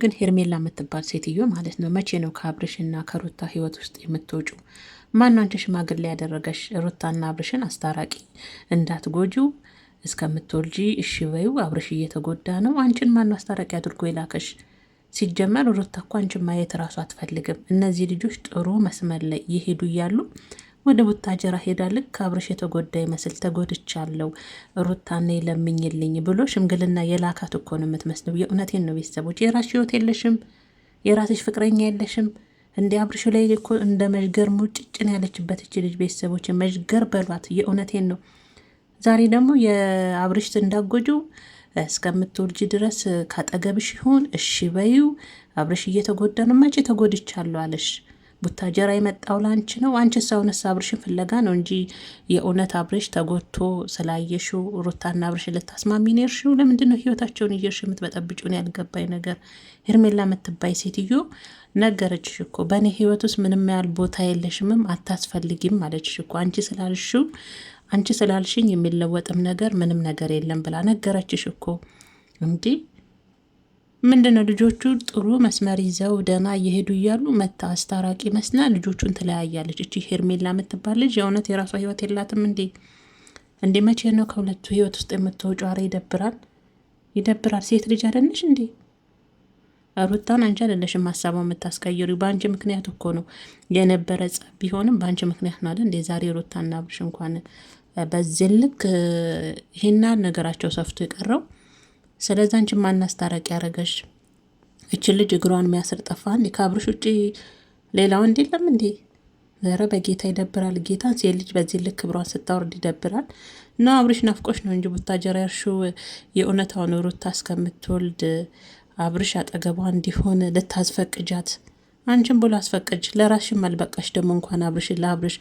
ግን ሄርሜላ የምትባል ሴትዮ ማለት ነው መቼ ነው ከአብርሽና ከሩታ ህይወት ውስጥ የምትወጩ? ማን አንቺ ሽማግሌ ያደረገሽ? ሩታና አብርሽን አስታራቂ እንዳትጎጁ እስከምትወልጂ እሺ በዩ። አብርሽ እየተጎዳ ነው። አንቺን ማነው አስታራቂ አድርጎ የላከሽ? ሲጀመር ሩታ እኮ አንቺን ማየት ራሱ አትፈልግም። እነዚህ ልጆች ጥሩ መስመር ላይ ይሄዱ እያሉ ወደ ቡታጀራ ሄዳ ልክ አብርሽ የተጎዳ ይመስል ተጎድቻለሁ፣ ሩታኔ ለምኝልኝ ብሎ ሽምግልና የላካት እኮ ነው የምትመስለው። የእውነቴን ነው። ቤተሰቦች የራስሽ ህይወት የለሽም፣ የራስሽ ፍቅረኛ የለሽም። እንዲ አብርሽ ላይ እኮ እንደ መዥገር ሙጭጭን ያለችበት እች ልጅ ቤተሰቦች፣ መዥገር በሏት። የእውነቴን ነው። ዛሬ ደግሞ የአብርሽ እንዳጎጁ እስከምትወልጅ ድረስ ካጠገብሽ ይሁን እሺ በዩ። አብርሽ እየተጎዳ ነው። መቼ ተጎድቻለሁ አለሽ? ቡታጀራ የመጣው ላንች ነው። አንቺ ሰውነስ አብርሽን ፍለጋ ነው እንጂ የእውነት አብርሽ ተጎድቶ ስላየሹ ሩታና አብርሽ ልታስማሚ ነው የሄድሽው። ለምንድን ነው ህይወታቸውን እየሄድሽ የምትበጠብጭውን? ያልገባኝ ነገር ሄርሜላ የምትባይ ሴትዮ ነገረችሽ እኮ በእኔ ህይወት ውስጥ ምንም ያህል ቦታ የለሽምም አታስፈልጊም አለችሽ እኮ አንቺ ስላልሽው አንቺ ስላልሽኝ የሚለወጥም ነገር ምንም ነገር የለም ብላ ነገረችሽ እኮ እንዲህ ምንድነው ልጆቹ ጥሩ መስመር ይዘው ደህና እየሄዱ እያሉ መታ አስታራቂ መስላ ልጆቹን ትለያያለች። እቺ ሄርሜላ የምትባል ልጅ የእውነት የራሷ ህይወት የላትም እንዴ? እንዴ መቼ ነው ከሁለቱ ህይወት ውስጥ የምትወጪው? ኧረ ይደብራል፣ ይደብራል። ሴት ልጅ አይደለሽ እንዴ? ሩታን አንቺ አይደለሽም ሀሳቧን የምታስቀይሩ። በአንቺ ምክንያት እኮ ነው የነበረ ጸብ ቢሆንም በአንቺ ምክንያት ነው አይደል እንዴ? ዛሬ ሩታና አብርሽ እንኳን በዚህ ልክ ነገራቸው ሰፍቶ የቀረው ስለዚ አንቺ ማናስታረቅ ያደረገሽ እችን ልጅ እግሯን የሚያስር ጠፋ እንዲ ከአብርሽ ውጭ ሌላ ወንድ የለም እንዴ? ኧረ በጌታ ይደብራል። ጌታ ሴት ልጅ በዚህ ልክ ክብሯን ስታወርድ ይደብራል። እና አብርሽ ናፍቆሽ ነው እንጂ ቡታጀራ ያርሺው የእውነታውን ሩታ እስከምትወልድ አብርሽ አጠገቧ እንዲሆን ልታስፈቅጃት አንቺም ብሎ አስፈቀጅ ለራሽን መልበቃሽ ደግሞ እንኳን አብርሽ ለአብርሽ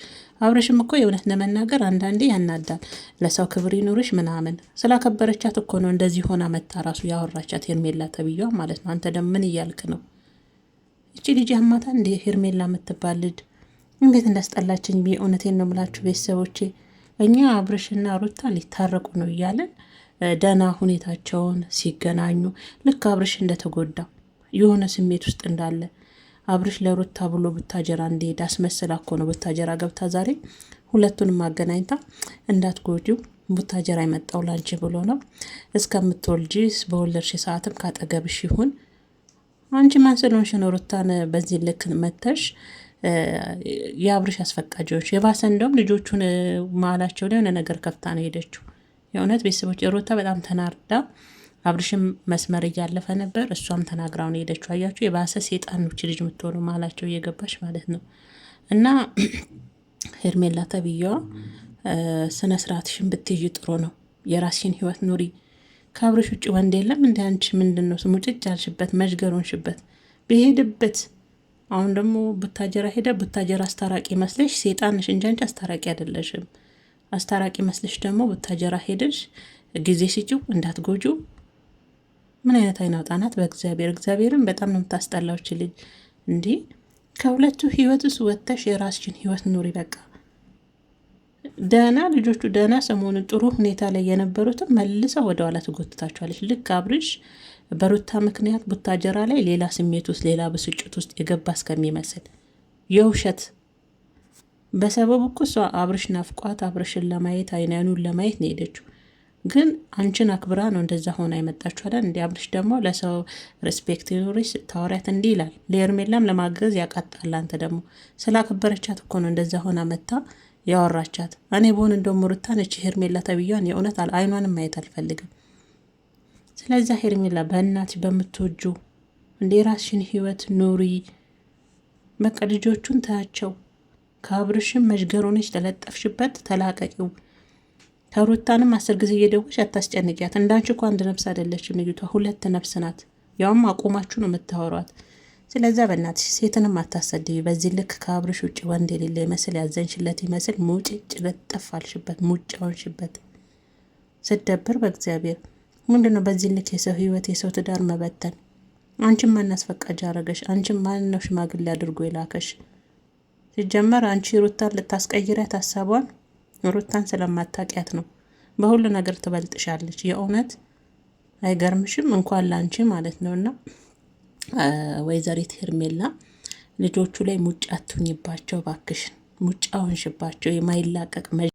አብርሽም እኮ የእውነት ለመናገር አንዳንዴ ያናዳል። ለሰው ክብር ይኑርሽ ምናምን ስላከበረቻት እኮ ነው እንደዚህ ሆና መታ ራሱ ያወራቻት ሄርሜላ ተብያ ማለት ነው። አንተ ደግሞ ምን እያልክ ነው? እቺ ልጅ አማታ እንደ ሄርሜላ የምትባልድ እንዴት እንዳስጠላችኝ! እውነቴን ነው የምላችሁ ቤተሰቦቼ፣ እኛ አብርሽና ሩታ ሊታረቁ ነው እያለን ደህና ሁኔታቸውን ሲገናኙ ልክ አብርሽ እንደተጎዳ የሆነ ስሜት ውስጥ እንዳለ አብርሽ ለሩታ ብሎ ብታጀራ እንዲሄድ አስመስላ እኮ ነው ብታጀራ ገብታ ዛሬ ሁለቱንም አገናኝታ እንዳትጎጂው ቡታጀራ የመጣው ላንቺ ብሎ ነው። እስከምትወልጂ በወለድሽ ሰዓትም ካጠገብሽ ይሁን። አንቺ ማን ስለሆንሽ ነው ሩታን በዚህ ልክ መተሽ የአብርሽ አስፈቃጆች? የባሰ እንደውም ልጆቹን መሀላቸው የሆነ ነገር ከፍታ ነው ሄደችው። የእውነት ቤተሰቦች ሩታ በጣም ተናርዳ አብርሽም መስመር እያለፈ ነበር። እሷም ተናግራውን ሄደችው። አያችሁ የባሰ ሴጣን ውች ልጅ የምትሆኑ ማላቸው እየገባች ማለት ነው። እና ሄርሜላ ተብዬዋ ስነ ስርዓትሽን ብትይዥ ጥሩ ነው። የራስሽን ህይወት ኑሪ። ከአብርሽ ውጭ ወንድ የለም። እንደ አንቺ ምንድን ነው ሙጭጭ አልሽበት፣ መዥገሩንሽበት ብሄድበት አሁን ደግሞ ቡታጀራ ሄደ። ቡታጀራ አስታራቂ መስለሽ ሴጣንሽ እንጂ አንቺ አስታራቂ አይደለሽም። አስታራቂ መስለሽ ደግሞ ቡታጀራ ሄደሽ ጊዜ ስጪው እንዳትጎጁ ምን አይነት አይነ አውጣናት በእግዚአብሔር እግዚአብሔርን በጣም ነው የምታስጠላዎች ልጅ እንዲህ ከሁለቱ ህይወት ውስጥ ወጥተሽ የራስሽን ህይወት ኑሪ በቃ ደህና ልጆቹ ደህና ሰሞኑን ጥሩ ሁኔታ ላይ የነበሩትም መልሰው ወደኋላ ኋላ ትጎትታቸዋለች ልክ አብርሽ በሩታ ምክንያት ቡታጀራ ላይ ሌላ ስሜት ውስጥ ሌላ ብስጭት ውስጥ የገባ እስከሚመስል የውሸት በሰበብ እኮ እሷ አብርሽ ናፍቋት አብርሽን ለማየት አይናኑን ለማየት ነው የሄደችው ግን አንቺን አክብራ ነው እንደዛ ሆና የመጣችሁ አይደል? እንዲ አብርሽ ደግሞ ለሰው ሬስፔክት ይኖርሽ ስታወሪያት እንዲህ ይላል። ለሄርሜላም ለማገዝ ያቃጣል። አንተ ደግሞ ስላከበረቻት እኮ ነው እንደዛ ሆና መታ ያወራቻት። እኔ በሆን እንደውም ሩታን ነች ሄርሜላ ተብያን የእውነት አይኗንም ማየት አልፈልግም። ስለዚ ሄርሜላ በእናት በምትወጁ እንደ የራስሽን ህይወት ኑሪ። በቃ ልጆቹን ታያቸው። ከአብርሽም መዥገር ሆነሽ ተለጠፍሽበት፣ ተላቀቂው። ከሩታንም አስር ጊዜ እየደወች አታስጨንቂያት። እንዳንቺ እኮ አንድ ነፍስ አይደለችም ልጅቷ፣ ሁለት ነፍስ ናት። ያውም አቁማችሁ ነው የምታወሯት። ስለዚያ በእናትሽ ሴትንም አታሰድቢ። በዚህ ልክ ከአብርሽ ውጭ ወንድ የሌለ ይመስል ያዘንሽለት ይመስል ሙጭ ሙጭጭ ልትጠፋልሽበት ሙጫውንሽበት ስደብር በእግዚአብሔር ምንድን ነው በዚህ ልክ የሰው ህይወት የሰው ትዳር መበተን? አንቺን ማን አስፈቃጅ አረገሽ? አንቺን ማን ነው ሽማግሌ አድርጎ የላከሽ? ሲጀመር አንቺ ሩታን ልታስቀይሪያት ሀሳቧን ሩታን ስለማታውቂያት ነው። በሁሉ ነገር ትበልጥሻለች። የእውነት አይገርምሽም? እንኳን ላንቺ ማለት ነው። እና ወይዘሪት ሄርሜላ ልጆቹ ላይ ሙጫ አትሁኝባቸው ባክሽን፣ ሙጫ ሁንሽባቸው የማይላቀቅ